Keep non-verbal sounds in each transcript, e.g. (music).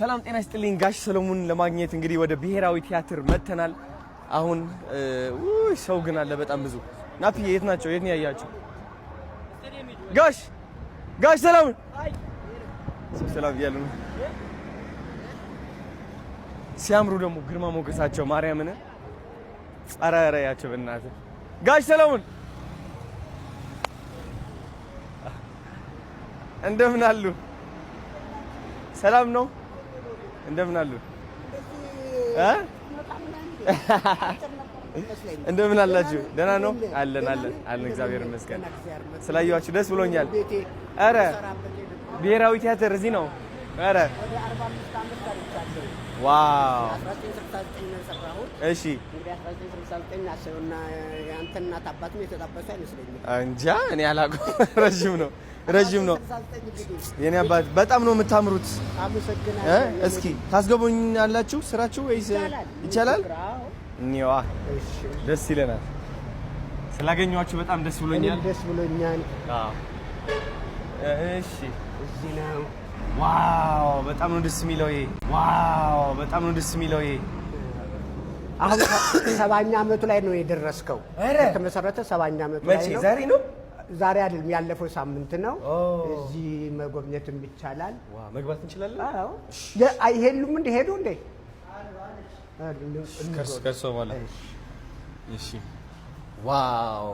ሰላም ጤና ይስጥልኝ። ጋሽ ሰለሞን ለማግኘት እንግዲህ ወደ ብሔራዊ ቲያትር መጥተናል። አሁን ውይ ሰው ግን አለ በጣም ብዙ። ናፕዬ የት ናቸው? የት ነው ያያቸው? ጋሽ ጋሽ ሰላም ሰላም እያሉ ነው ሲያምሩ ደግሞ ግርማ ሞገሳቸው ማርያምን ጸራራያቸው በእናትህ ጋሽ ሰለሞን እንደምን አሉ? ሰላም ነው እንደምን አሉ? እንደምን አላችሁ? ደህና ነው አለን አለን አለን። እግዚአብሔር ይመስገን ስላየኋችሁ ደስ ብሎኛል። አረ ብሔራዊ ቲያትር እዚህ ነው። አረ ዋው! እሺ እንጃ እኔ አላውቅም፣ (laughs) ረዥም ነው ረዥም ነው። የኔ አባት በጣም ነው የምታምሩት። እስኪ ታስገቡኝ አላችሁ ስራችሁ ወይስ ይቻላል? እኒዋ ደስ ይለናል። ስላገኘኋችሁ በጣም ደስ ብሎኛል። ደስ ብሎኛል። እሺ እዚህ ነው። ዋው በጣም ነው ደስ የሚለው ይሄ። ዋው በጣም ነው ደስ የሚለው ይሄ። አሁን ሰባኛ አመቱ ላይ ነው የደረስከው። ከመሰረተ ሰባኛ አመቱ ላይ ነው። ዛሬ ነው ዛሬ አይደለም ያለፈው ሳምንት ነው። እዚህ መጎብኘትም ይቻላል። መግባት እንችላለን። አይሄሉም እንደ ሄዱ እንዴ ከርሶ በኋላ ዋው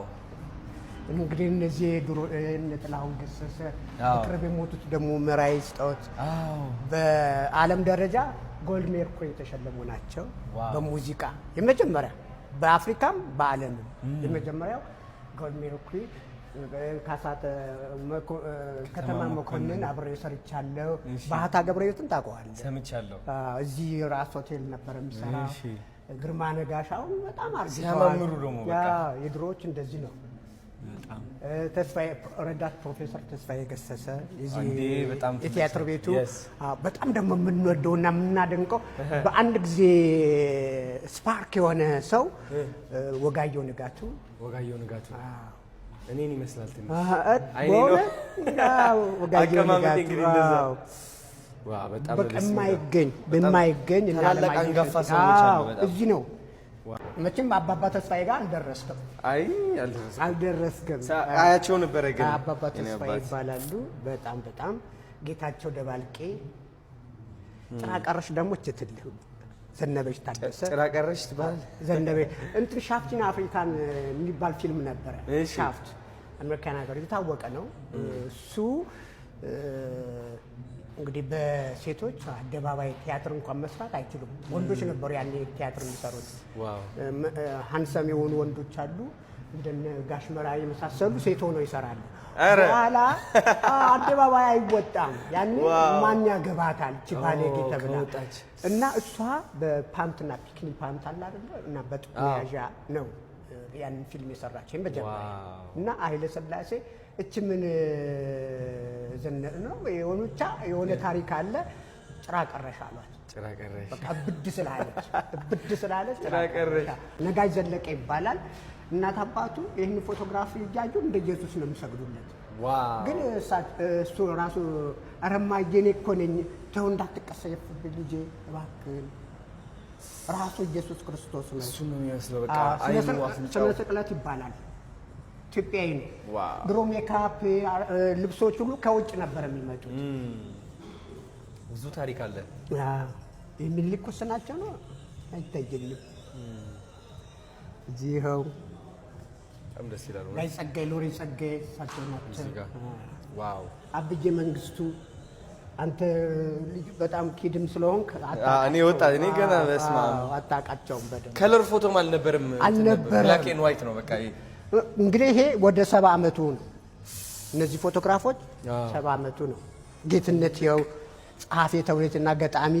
እንግዲህ እነዚህ ድሮ እነ ጥላሁን ገሰሰ በቅርብ የሞቱት ደግሞ ምራይ ስጣዖት በዓለም ደረጃ ጎልድ ሜርኩሪ የተሸለሙ ናቸው። በሙዚቃ የመጀመሪያ በአፍሪካም በዓለምም የመጀመሪያው ጎልድ ሜርኩሪ ከተማ መኮንን አብሬ ሰርቻለሁ። ባህታ ገብረሕይወትን ታውቀዋለህ? ሰምቻለሁ። እዚህ ራስ ሆቴል ነበር የሚሰራ። ግርማ ነጋሽ በጣም አርሲያማምሩ ደግሞ የድሮዎች እንደዚህ ነው። ተስፋዬ ረዳት ፕሮፌሰር ተስፋዬ ገሰሰ የቲያትር ቤቱ በጣም ደግሞ የምንወደውና የምናደንቀው በአንድ ጊዜ ስፓርክ የሆነ ሰው ወጋየው ንጋቱ ወጋየሁ ንጋቱ እኔን ይመስላል በማይገኝ በማይገኝ እዚህ ነው። መቼም አባባ ተስፋዬ ጋር አልደረስክም። አይ አልደረስክም። አያቸው ነበረ ግን አባባ ተስፋዬ ይባላሉ። በጣም በጣም ጌታቸው ደባልቄ፣ ጭራቀረሽ ደግሞ ችትልህ ዘነበች ታደሰ ጭራቀረሽ ትባል ዘነበች እንትን ሻፍቲን አፍሪካን የሚባል ፊልም ነበረ ሻፍት አሜሪካን ሀገር የታወቀ ነው። እሱ እንግዲህ በሴቶች አደባባይ ቲያትር እንኳን መስራት አይችሉም። ወንዶች ነበሩ ያኔ ቲያትር የሚሰሩት። ሀንሰም የሆኑ ወንዶች አሉ እንደነ ጋሽመራ የመሳሰሉ ሴት ሆነው ይሰራሉ። በኋላ አደባባይ አይወጣም። ያን ማን ያገባታል ችባሌጌ ተብላ እና እሷ በፓምትና ፒክኒ ፓምት አላ እና በጡት መያዣ ነው ያንን ፊልም የሰራችን መጀመሪያ እና ኃይለ ሥላሴ እች ምን ዘነር ነው የሆኑቻ የሆነ ታሪክ አለ። ጭራ ቀረሽ አሏት። ጭራ ቀረሽ በቃ እብድ ስላለች እብድ ስላለች ጭራ ቀረሽ። ነጋሽ ዘለቀ ይባላል። እናት አባቱ ይህን ፎቶግራፊ እያዩ እንደ ኢየሱስ ነው የሚሰግዱለት። ግን እሱ ራሱ ረማ እማዬ እኔ እኮ ነኝ ተው እንዳትቀሰየፍብኝ ልጄ እባክህን ራሱ ኢየሱስ ክርስቶስ ነው። እሱ ነው የሚመስለው። በቃ ስነ ስቅለት ይባላል። ኢትዮጵያዊ ነው። ድሮ ሜካፕ ልብሶች ሁሉ ከውጭ ነበር የሚመጡት። ብዙ ታሪክ አለ። የሚኒልክ ውስጥ ናቸው ነው አይታየኝም። እዚህ ይኸው ላይ ጸጋይ ሎሬ ጸጋይ ሳቸው ናቸው። አብዬ መንግስቱ አንተ ልጅ በጣም ኪድም ስለሆንክ እኔ ወጣ እኔ ገና በስማ አታውቃቸውም። በደምብ ከለር ፎቶም አልነበርም አልነበረ ብላክ ኤንድ ዋይት ነው በቃ። እንግዲህ ይሄ ወደ ሰባ አመቱ ነው። እነዚህ ፎቶግራፎች ሰባ አመቱ ነው። ጌትነት ይኸው ጸሐፌ ተውኔትና ገጣሚ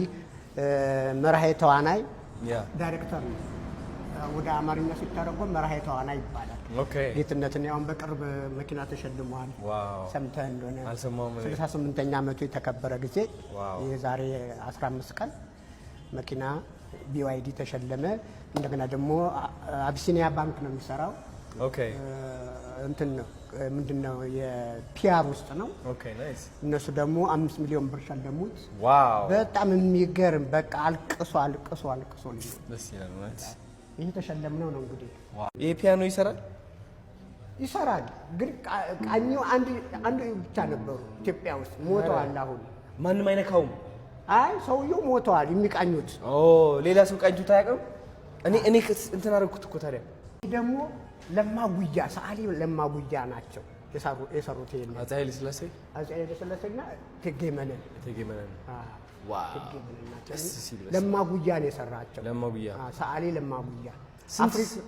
መርሃ ተዋናይ ዳይሬክተር ነው። ወደ አማርኛ ሲተረጎም መርሃ የተዋና ይባላል። ጌትነትን ያሁን በቅርብ መኪና ተሸልመዋል። ሰምተህ እንደሆነ 68ኛ ዓመቱ የተከበረ ጊዜ የዛሬ 15 ቀን መኪና ቢዋይዲ ተሸለመ። እንደገና ደግሞ አቢሲኒያ ባንክ ነው የሚሰራው። እንትን ነው ምንድን ነው የፒያር ውስጥ ነው። እነሱ ደግሞ አምስት ሚሊዮን ብር ሸለሙት። በጣም የሚገርም በቃ አልቅሶ አልቅሶ አልቅሶ ይህ ተሸለምነው ነው እንግዲህ ይህ ፒያኖ ይሰራል ይሰራል ግን ቃኙ አንድ ብቻ ነበሩ ኢትዮጵያ ውስጥ ሞተዋል። አሁን ማንም አይነካውም። አይ ሰውየው ሞተዋል የሚቃኙት። ሌላ ሰው ቃኝቶት አያውቅም። እኔ እኔ እንትን አደረግኩት እኮ ታዲያ። ይህ ደግሞ ለማጉያ ሰዓሊ ለማጉያ ናቸው የሰሩት ይሄን አፄ ኃይለ ሥላሴ አፄ ኃይለ ሥላሴ እና እቴጌ መነን ለማጉያ ነው የሰራቸው። ለማጉያ ሰዓሊ ለማጉያ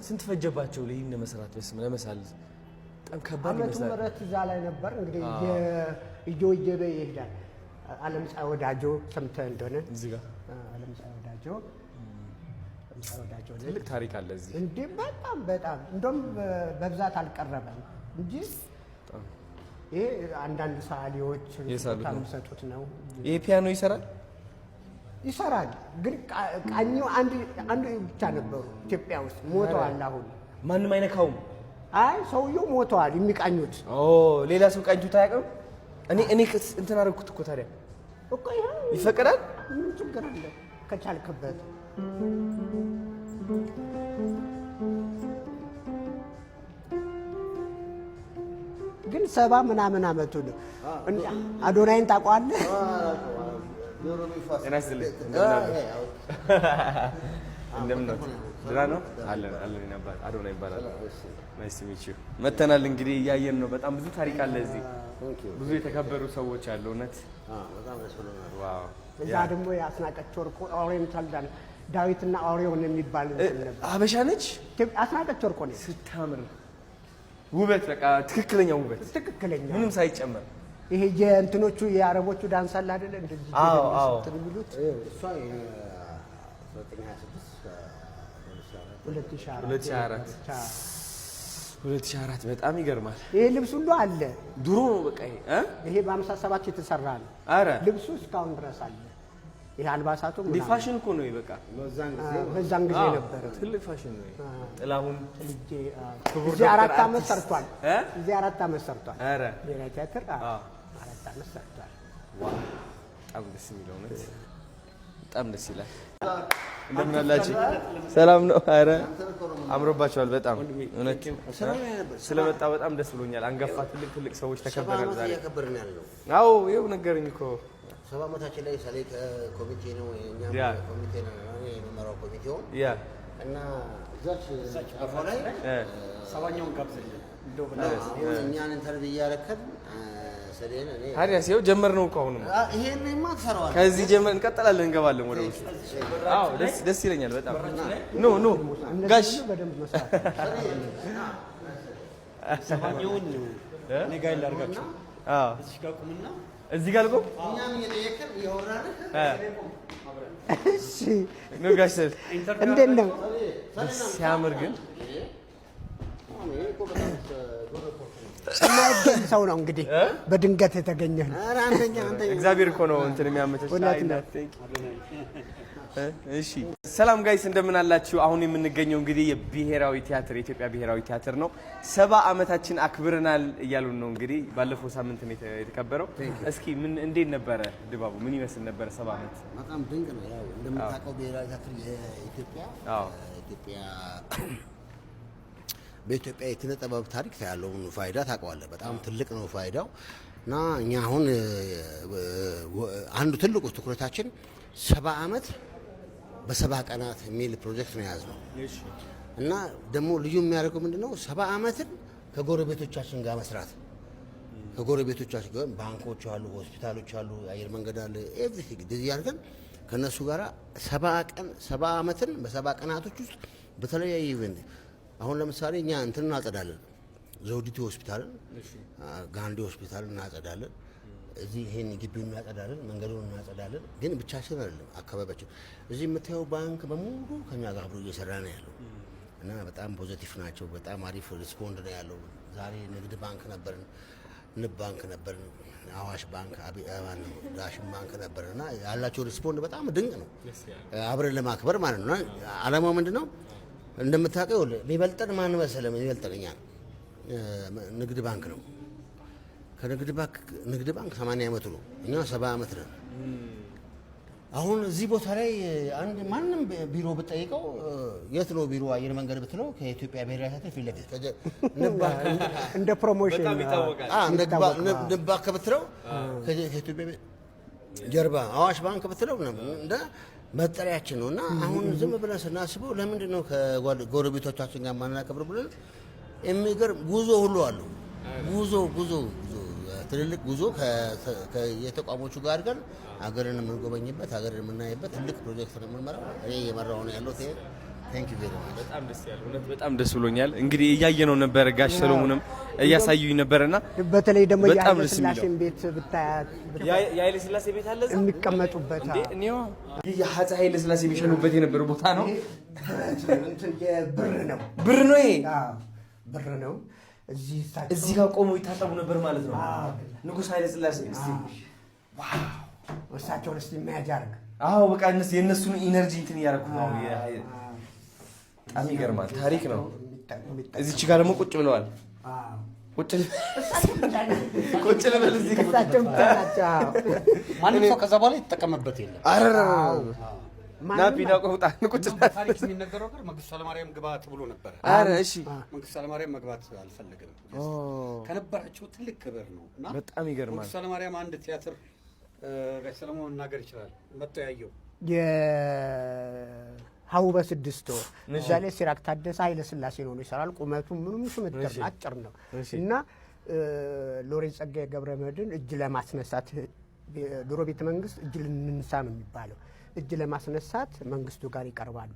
ስንት ፈጀባቸው ይህን ለመስራት ለመሳል? ምረት እዛ ላይ ነበር እንግዲህ እየወጀበ ይሄዳል። ወዳጆ ሰምተህ እንደሆነ ወዳጆ ትልቅ ታሪክ አለ እዚህ በጣም በጣም እንደውም በብዛት አልቀረበም እንጂ ይሄ አንዳንድ ሰዓሊዎች የሚሰጡት ነው። ይሄ ፒያኖ ይሰራል ይሰራል። ግን ቃኙ አንዱ ብቻ ነበሩ ኢትዮጵያ ውስጥ ሞተዋል። አሁን ማንም አይነካውም። አይ ሰውየው ሞተዋል። የሚቃኙት ሌላ ሰው ቃኝቶት አያውቅም። እኔ እኔ እንትን እኮ ታዲያ እኮ ይፈቅዳል። ምን ችግር አለ ከቻልክበት ግን ሰባ ምናምን አመቱ ነው። አዶናይን ታውቀዋለህ? ጤና ይስጥልኝ። ደህና ነው አለን አለን አዶና ይባላል። ናይስ መተናል። እንግዲህ እያየን ነው። በጣም ብዙ ታሪክ አለ እዚህ ብዙ የተከበሩ ሰዎች አሉ። እውነት እዛ ደግሞ የአስናቀች ወርቁ ዳዊትና የሚባል ነች። አስናቀች ወርቁ ስታምር ውበት፣ በቃ ትክክለኛ ውበት፣ ትክክለኛ ምንም ሳይጨመር ይሄ የእንትኖቹ የአረቦቹ ዳንስ አለ አይደለ? እንደዚህ የሚሉት እሷ በጣም ይገርማል። ይሄ ልብስ ሁሉ አለ ድሮ ነው በቃ ይሄ በአምሳ ሰባት የተሰራ ነው ልብሱ እስካሁን ድረስ አለ። ይሄ አልባሳቱ ፋሽን እኮ ነው በቃ በዛን ጊዜ ነበረ ትልቅ ፋሽን ነው። ጥላሁን እዚህ አራት አመት ሰርቷል። እዚህ አራት አመት ሰርቷል ብሔራዊ ቲያትር ነጻነት ሰጥቷል። በጣም ደስ የሚለው እውነት በጣም ደስ ይላል። እንደምን አላችሁ? ሰላም ነው? ኧረ አምሮባቸዋል በጣም እውነት ስለመጣ በጣም ደስ ብሎኛል። አንጋፋ ትልቅ ትልቅ ሰዎች ተከበረን ዛሬ። አዎ ይኸው ነገረኝ እኮ ሰባ ዓመታችን ላይ ሳሌ ኮሚቴ ነው ኮሚቴ ነው የመመራው ኮሚቴውን እና እዛች አፏ ላይ ሰባኛውን ጋብዘኝ እኛን ኢንተርቪው እያረከብ ታዲያስ ጀመርነው እኮ አሁንም ከዚህ ጀመር እንቀጥላለን፣ እንገባለን ወደ ውስጥ። አዎ ደስ ደስ ይለኛል በጣም ኖ ኖ ጋሽ እዚህ ጋር ልቆም ጋሽ እንዴት ነው ሲያምር ግን ስናያገኝ ሰው ነው እንግዲህ በድንገት የተገኘ ነው። እግዚአብሔር እኮ ነው እንትን የሚያመቻች። እሺ ሰላም ጋይስ እንደምን አላችሁ? አሁን የምንገኘው እንግዲህ የብሔራዊ ቲያትር የኢትዮጵያ ብሔራዊ ቲያትር ነው። ሰባ ዓመታችን አክብረናል እያሉን ነው እንግዲህ ባለፈው ሳምንት የተከበረው። እስኪ ምን እንዴት ነበረ ድባቡ? ምን ይመስል ነበረ? ሰባ ዓመት በጣም ድንቅ ነው። ያው እንደምታውቀው ብሔራዊ ቲያትር የኢትዮጵያ በኢትዮጵያ የኪነ ጥበብ ታሪክ ያለውን ፋይዳ ታውቀዋለህ። በጣም ትልቅ ነው ፋይዳው እና እኛ አሁን አንዱ ትልቁ ትኩረታችን ሰባ ዓመት በሰባ ቀናት የሚል ፕሮጀክት ነው የያዝነው እና ደግሞ ልዩ የሚያደርገው ነው? ሰባ ዓመትን ከጎረቤቶቻችን ጋር መስራት ከጎረቤቶቻችን ጋር ባንኮች አሉ፣ ሆስፒታሎች አሉ፣ አየር መንገድ አለ፣ ኤቭሪቲንግ እንደዚህ አድርገን ከእነሱ ጋር ሰባ ቀን ሰባ ዓመትን በሰባ ቀናቶች ውስጥ በተለያዩ ኢቨንት አሁን ለምሳሌ እኛ እንትን እናጸዳለን፣ ዘውዲቱ ሆስፒታልን፣ ጋንዴ ሆስፒታልን እናጸዳለን። እዚህ ይሄን ግቢ እናጸዳለን፣ መንገዱን እናጸዳለን። ግን ብቻችን አይደለም አካባቢያችን። እዚህ የምታየው ባንክ በሙሉ ከኛ ጋር አብሮ እየሰራ ነው ያለው እና በጣም ፖዘቲቭ ናቸው። በጣም አሪፍ ሪስፖንድ ነው ያለው። ዛሬ ንግድ ባንክ ነበርን፣ ንብ ባንክ ነበርን፣ አዋሽ ባንክ፣ ዳሽን ባንክ ነበርን እና ያላቸው ሪስፖንድ በጣም ድንቅ ነው። አብረን ለማክበር ማለት ነው። አላማው ምንድን ነው? እንደምታውቀው የሚበልጠን ማን መሰለህ? የሚበልጠን ንግድ ባንክ ነው። ከንግድ ባንክ ንግድ ባንክ 80 ዓመቱ ነው፣ እኛ 70 ዓመት ነን። አሁን እዚህ ቦታ ላይ አንድ ማንም ቢሮ ብጠይቀው የት ነው ቢሮ አየር መንገድ ብትለው ከኢትዮጵያ ብሔራዊ ቲያትር ፊት ለፊት እንደ ፕሮሞሽን ንብ ባንክ ብትለው ከኢትዮጵያ ጀርባ፣ አዋሽ ባንክ ብትለው እንደ መጠሪያችን ነው እና አሁን ዝም ብለን ስናስበው ለምንድን ነው ከጎረቤቶቻችን ጋር ማናከብር ብለን የሚገርም ጉዞ ሁሉ አሉ። ጉዞ ጉዞ ትልልቅ ጉዞ የተቋሞቹ ጋር አድርገን ሀገርን የምንጎበኝበት ሀገርን የምናይበት ትልቅ ፕሮጀክት ነው የምንመራው። እኔ እየመራሁ ነው በጣም ደስ ብሎኛል። እንግዲህ እያየ ነው ነበረ ጋሽ ሰሎሞንም እያሳዩኝ ነበረና በተለይ ደግሞ የኃይለ ስላሴ ቤት ብታያት የኃይለ ሥላሴ ቤት አለ እዛ የሚቀመጡበት ይህ አፄ ኃይለ ሥላሴ የሚሸኑበት የነበረ ቦታ ነው። ብር ነው ብር ነው ይሄ ብር ነው። እዚህ ጋር ቆሞ ይታጠቡ ነበር ማለት ነው። ንጉሥ ኃይለ ስላሴ እሳቸውን ስ የሚያጃርግ አዎ በቃ የእነሱን ኢነርጂ እንትን እያደረኩ ነው በጣም ይገርማል። ታሪክ ነው። እዚች ጋር ደግሞ ቁጭ ብለዋል። ቁጭ ልበል እዚህ ማንም ሰው ከዛ በኋላ የተጠቀመበት የለም። ናቢና ቆጣ ቁጭ ታሪክ የሚነገረው ነገር መንግስቱ ኃይለማርያም ነበረ። አረ እሺ፣ መንግስቱ ኃይለማርያም መግባት አልፈለገም። ከነበራቸው ትልቅ ክብር ነው እና በጣም ይገርማል። መንግስቱ ኃይለማርያም አንድ ቲያትር ጋሽ ሰለሞን መናገር ይችላል። መጥቶ ያየው ሀሁ በስድስት ወር እዛ ላይ ሲራክ ታደሰ ኃይለ ስላሴ ነው ይሰራል። ቁመቱ ምኑም ሽምጥር አጭር ነው እና ሎሬት ጸጋዬ ገብረ መድን እጅ ለማስነሳት ድሮ ቤተ መንግስት እጅ ልንንሳ ነው የሚባለው። እጅ ለማስነሳት መንግስቱ ጋር ይቀርባሉ፣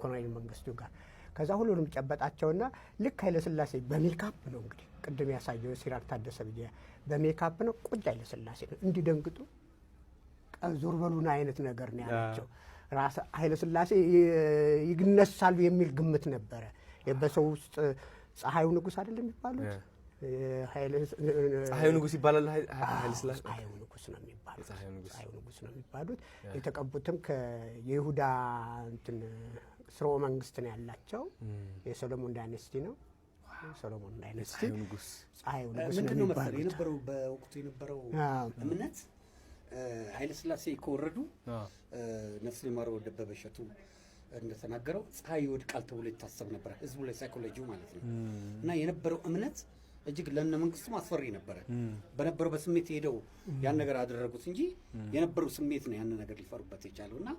ኮሎኔል መንግስቱ ጋር ከዛ ሁሉንም ጨበጣቸውና ልክ ኃይለ ስላሴ በሜካፕ ነው እንግዲህ ቅድም ያሳየው ሲራክ ታደሰ ብዬ በሜካፕ ነው ቁጭ ኃይለ ስላሴ ነው እንዲደንግጡ ዞር በሉና አይነት ነገር ነው ያላቸው። ራስ ኃይለስላሴ ይነሳሉ የሚል ግምት ነበረ። በሰው ውስጥ ፀሐዩ ንጉስ አይደል የሚባሉት? ፀሐዩ ንጉስ ይባላል። ፀሐዩ ንጉስ ነው የሚባሉት። ፀሐዩ ንጉሥ ነው የሚባሉት። የተቀቡትም የይሁዳ እንትን ስርወ መንግስት ነው ያላቸው። የሰሎሞን ዳይነስቲ ነው። ሰሎሞን ዳይነስቲ ፀሐዩ ንጉስ ነው የሚባሉት። ምንድን ነው መሰለህ የነበረው በወቅቱ የነበረው እምነት ኃይለስላሴ ከወረዱ ነፍስ ሊማረው ደበበ እሸቱ እንደተናገረው ፀሐይ ይወድቃል ተብሎ ይታሰብ ነበረ፣ ህዝቡ ላይ ሳይኮሎጂ ማለት ነው። እና የነበረው እምነት እጅግ ለነ መንግስቱም አስፈሪ ነበረ። በነበረው በስሜት ሄደው ያን ነገር አደረጉት እንጂ የነበረው ስሜት ነው ያን ነገር ሊፈሩበት የቻለው እና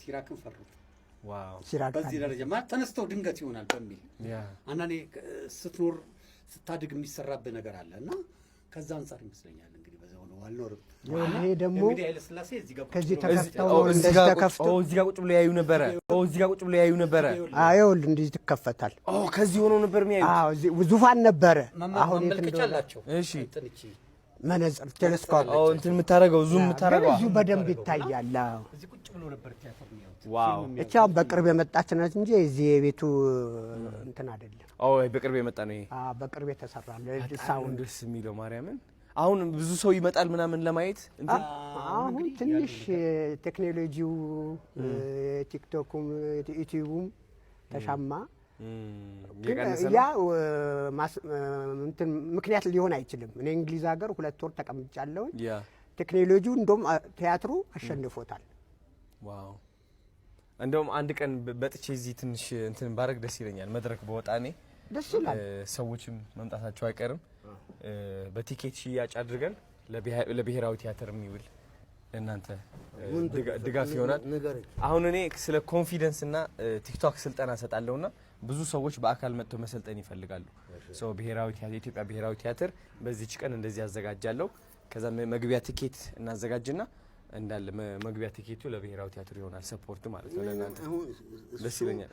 ሲራክን ፈሩት። በዚህ ደረጃ ማለት ተነስተው ድንገት ይሆናል በሚል አንዳንዴ ስትኖር ስታድግ የሚሰራብህ ነገር አለ እና ከዛ አንጻር ይመስለኛል እንግዲህ አልኖርም። ይሄ ደግሞ ከዚህ ተከፍተው እዚህ ጋር ቁጭ ብሎ ያዩ ነበረ። እዚህ ጋር ቁጭ ብሎ ያዩ ነበረ። ይኸውልህ እንደዚህ ትከፈታል። ከዚህ ሆኖ ነበር የሚያዩት። ዙፋን ነበረ። አሁን እሺ መነጽር ቴሌስኮፕ እንትን የምታደርገው ዙም የምታደርገው እዚሁ በደንብ ይታያል። እቻ በቅርብ የመጣች ናት እንጂ እዚህ የቤቱ እንትን አይደለም። በቅርብ የመጣ ነው። በቅርብ የተሰራ ሳውንድ ደስ የሚለው ማርያምን አሁን ብዙ ሰው ይመጣል ምናምን ለማየት አሁን ትንሽ ቴክኖሎጂው ቲክቶኩም ዩቲዩቡም ተሻማ። ያ ምክንያት ሊሆን አይችልም። እኔ እንግሊዝ ሀገር ሁለት ወር ተቀምጫለሁ ቴክኖሎጂው እንደውም ቲያትሩ አሸንፎታል። እንደውም አንድ ቀን በጥቼ እዚህ ትንሽ እንትን ባረግ ደስ ይለኛል። መድረክ በወጣኔ ደስ ይላል። ሰዎችም መምጣታቸው አይቀርም። በቲኬት ሽያጭ አድርገን ለብሔራዊ ቲያትር የሚውል እናንተ ድጋፍ ይሆናል። አሁን እኔ ስለ ኮንፊደንስ እና ቲክቶክ ስልጠና እሰጣለሁ ና ብዙ ሰዎች በአካል መጥተው መሰልጠን ይፈልጋሉ። ሰው ብሔራዊ ቲያትር የኢትዮጵያ ብሔራዊ ቲያትር በዚች ቀን እንደዚህ ያዘጋጃለሁ። ከዛ መግቢያ ትኬት እናዘጋጅና እንዳለ መግቢያ ቲኬቱ ለብሔራዊ ቲያትር ይሆናል። ሰፖርት ማለት ነው ለእናንተ ደስ ይለኛል፣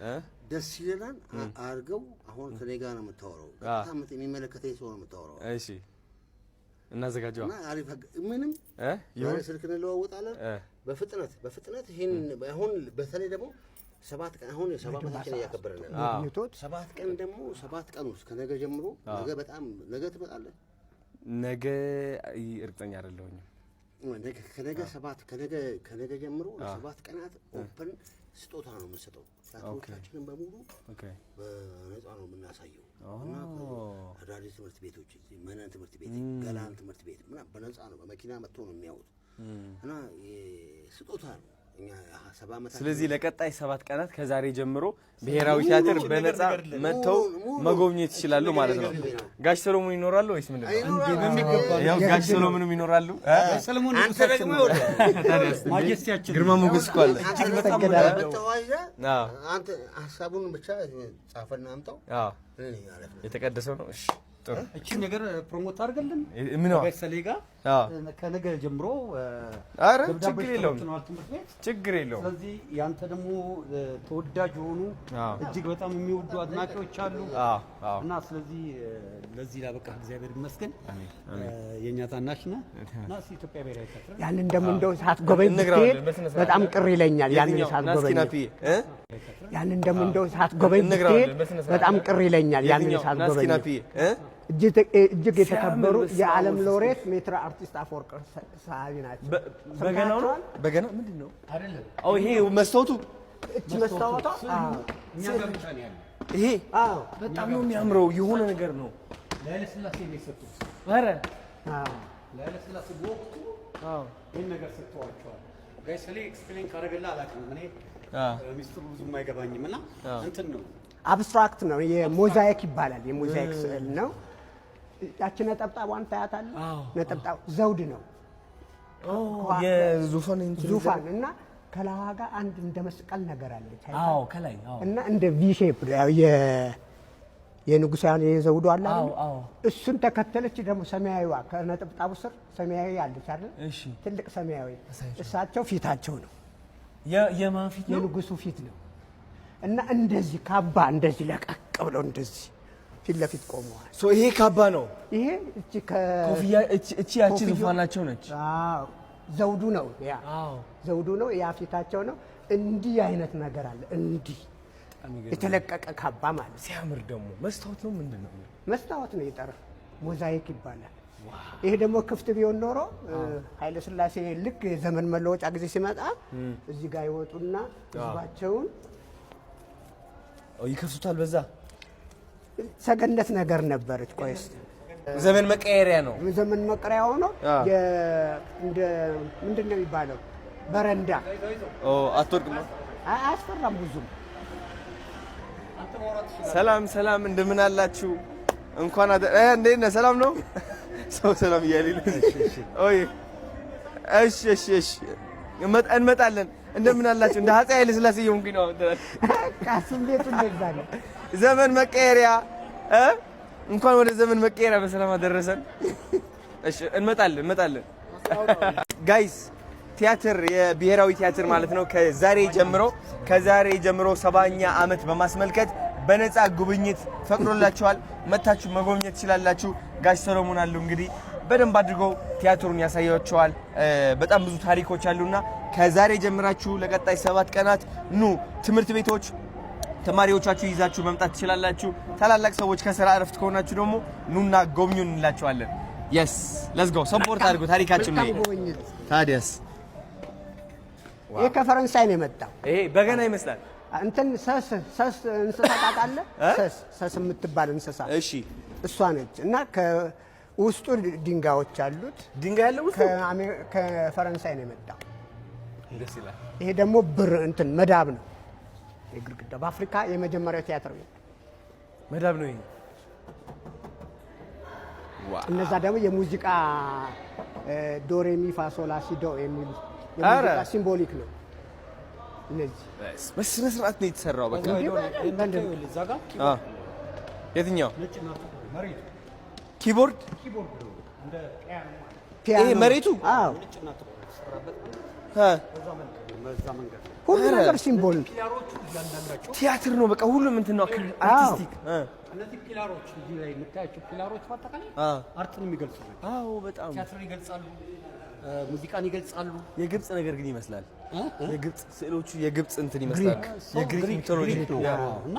ደስ ይለናል አድርገው። አሁን ከኔ ጋር ነው የምታወራው፣ የሚመለከተኝ ሰው ነው የምታወራው። እሺ እናዘጋጀዋ አሪፍ። ምንም ስልክ እንለዋወጣለን በፍጥነት በፍጥነት ይህን አሁን በተለይ ደግሞ ሰባት ቀን አሁን ሰባታችን እያከበርን ነው። ሰባት ቀን ደግሞ ሰባት ቀን ውስጥ ከነገ ጀምሮ ነገ በጣም ነገ ትመጣለህ። ነገ እርግጠኛ አይደለሁኝም ከነገ ሰባት ከነገ ከነገ ጀምሮ ለሰባት ቀናት ኦፕን ስጦታ ነው የምንሰጠው። ቲያትሮቻችንን በሙሉ በነፃ ነው የምናሳየው እና አዳሪ ትምህርት ቤቶች፣ መነን ትምህርት ቤት፣ ገላን ትምህርት ቤት ምናምን በነፃ ነው በመኪና መጥቶ ነው የሚያዩት እና ስጦታ ነው ስለዚህ ለቀጣይ ሰባት ቀናት ከዛሬ ጀምሮ ብሔራዊ ቲያትር በነጻ መጥተው መጎብኘት ይችላሉ ማለት ነው። ጋሽ ሰሎሞን ይኖራሉ ወይስ ምንድን ነው? ያው ጋሽ ሰሎሞንም ይኖራሉ። ግርማ ሞገስ እኮ አለ። ሀሳቡን ብቻ ጻፈና አምጣው። የተቀደሰው ነው። እሺ እቺ ነገር ፕሮሞት አድርገልን ምን ሰሌጋ ከነገ ጀምሮ አረ ችግር የለውም ችግር የለውም። ስለዚህ ያንተ ደግሞ ተወዳጅ የሆኑ እጅግ በጣም የሚወዱ አድናቂዎች አሉ እና ስለዚህ ለዚህ ላበቃ እግዚአብሔር ይመስገን። የእኛ ታናሽ ነህ እና እስኪ ኢትዮጵያ ብሔራዊ ያንን ደግሞ እንደው ሳትጎበኝ በጣም ቅር ይለኛል። ያንን ሳትጎበኝ ያንን ደግሞ እንደው ሳትጎበኝ በጣም ቅር ይለኛል። ያንን ሳትጎበኝ እጅግ የተከበሩ የዓለም ሎሬት ሜትር አርቲስት አፈወርቅ ሰዓሊ ናቸው። በገና ምንድን ነው? ይሄ መስታወቱ እች መስታወቷ ይሄ በጣም ነው የሚያምረው። የሆነ ነገር ነው። ለኃይለሥላሴ ነው የሰጡት። ኧረ ለኃይለሥላሴ በወቅቱ ይህን ነገር ሰጥተዋቸዋል። ኤክስፕሌን ካደረገላ አላውቅም። እኔ ሚስጥሩ ብዙም አይገባኝም እና እንትን ነው አብስትራክት ነው። የሞዛይክ ይባላል። የሞዛይክ ስዕል ነው። ያቺ ነጠብጣቧን ታያታለህ። ነጠብጣብ ዘውድ ነው ዙፋን እና ከላዋ ጋር አንድ እንደ መስቀል ነገር አለች እና እንደ ቪ ሼፕ የንጉሳን የዘውዱ አለ እሱን ተከተለች። ደግሞ ሰማያዊዋ ከነጠብጣቡ ስር ሰማያዊ አለች አይደል? ትልቅ ሰማያዊ እሳቸው ፊታቸው ነው። የማን ፊት ነው? የንጉሱ ፊት ነው። እና እንደዚህ ካባ እንደዚህ ለቀቅ ብለው እንደዚህ ፊት ለፊት ቆመዋል። ይሄ ካባ ነው። ይሄ እቺ ያቺ ዙፋናቸው ነች። ዘውዱ ነው። ያ ዘውዱ ነው። ያ ፊታቸው ነው። እንዲህ አይነት ነገር አለ። እንዲህ የተለቀቀ ካባ ማለት ሲያምር። ደግሞ መስታወት ነው። ምንድን ነው? መስታወት ነው። የጠር ሞዛይክ ይባላል። ይሄ ደግሞ ክፍት ቢሆን ኖሮ ኃይለ ስላሴ ልክ የዘመን መለወጫ ጊዜ ሲመጣ እዚህ ጋር ይወጡና ህዝባቸውን ይከፍቱታል በዛ ሰገነት ነገር ነበረች። ቆይስ ዘመን መቀየሪያ ነው። ዘመን መቀየሪያ ሆኖ ምንድን ነው የሚባለው? በረንዳ አትወድቅም፣ አያስፈራም ብዙም። ሰላም ሰላም፣ እንደምን አላችሁ? እንኳን አደ እንዴት ነህ? ሰላም ነው ሰው ሰላም እያለኝ እሺ፣ እሺ፣ እሺ እንመጣለን። እንደምን አላችሁ? እንደ አፄ ኃይለ ስላሴ የሆንኩኝ ነው። ዘመን መቀየሪያ እንኳን ወደ ዘመን መቀየሪያ በሰላም አደረሰን። እሺ፣ እንመጣለን እንመጣለን። ጋይስ ቲያትር የብሔራዊ ቲያትር ማለት ነው። ከዛሬ ጀምሮ ከዛሬ ጀምሮ ሰባኛ ዓመት በማስመልከት በነፃ ጉብኝት ፈቅዶላችኋል። መታችሁ መጎብኘት ትችላላችሁ። ጋሽ ሰሎሞን አሉ እንግዲህ በደንብ አድርጎ ቲያትሩን ያሳያቸዋል። በጣም ብዙ ታሪኮች አሉና ከዛሬ ጀምራችሁ ለቀጣይ ሰባት ቀናት ኑ። ትምህርት ቤቶች ተማሪዎቻችሁ ይዛችሁ መምጣት ትችላላችሁ። ታላላቅ ሰዎች ከስራ እረፍት ከሆናችሁ ደግሞ ኑና ጎብኙ እንላቸዋለን። የስ ጎ ሰፖርት አድርጎ ታሪካችን ነው ታዲያስ። ይህ ከፈረንሳይ ነው የመጣው። ይሄ በገና ይመስላል። እንትን ሰስ ሰስ እንስሳ ታውቃለህ? ሰስ ሰስ የምትባል እንስሳ እሺ፣ እሷ ነች እና ውስጡ ድንጋዮች አሉት። ድንጋይ ያለው ውስጥ ከፈረንሳይ ነው የመጣው። ደስ ይላል። ይሄ ደግሞ ብር እንትን መዳብ ነው የግድግዳ በአፍሪካ የመጀመሪያው ቲያትር ነው። መዳብ ነው ይሄ። እነዛ ደግሞ የሙዚቃ ዶሬሚ ፋሶላ ሲዶ የሚሉ የሙዚቃ ሲምቦሊክ ነው። እነዚህ በስነ ስርዓት ነው የተሰራው። በቃ የትኛው ነጭ ኪቦርድ መሬቱ ሁሉ ነገር ሲምቦል ቲያትር ነው። በቃ ሁሉም እንትን ነው አርቲስቲክ። እነዚህ ፒላሮች እዚህ ላይ የምታያቸው ፒላሮች አርትን የሚገልጹ በጣም ቲያትርን ይገልጻሉ፣ ሙዚቃን ይገልጻሉ። የግብፅ ነገር ግን ይመስላል። የግብፅ ስዕሎቹ የግብፅ እንትን ይመስላል። የግሪክ ሚቶሎጂ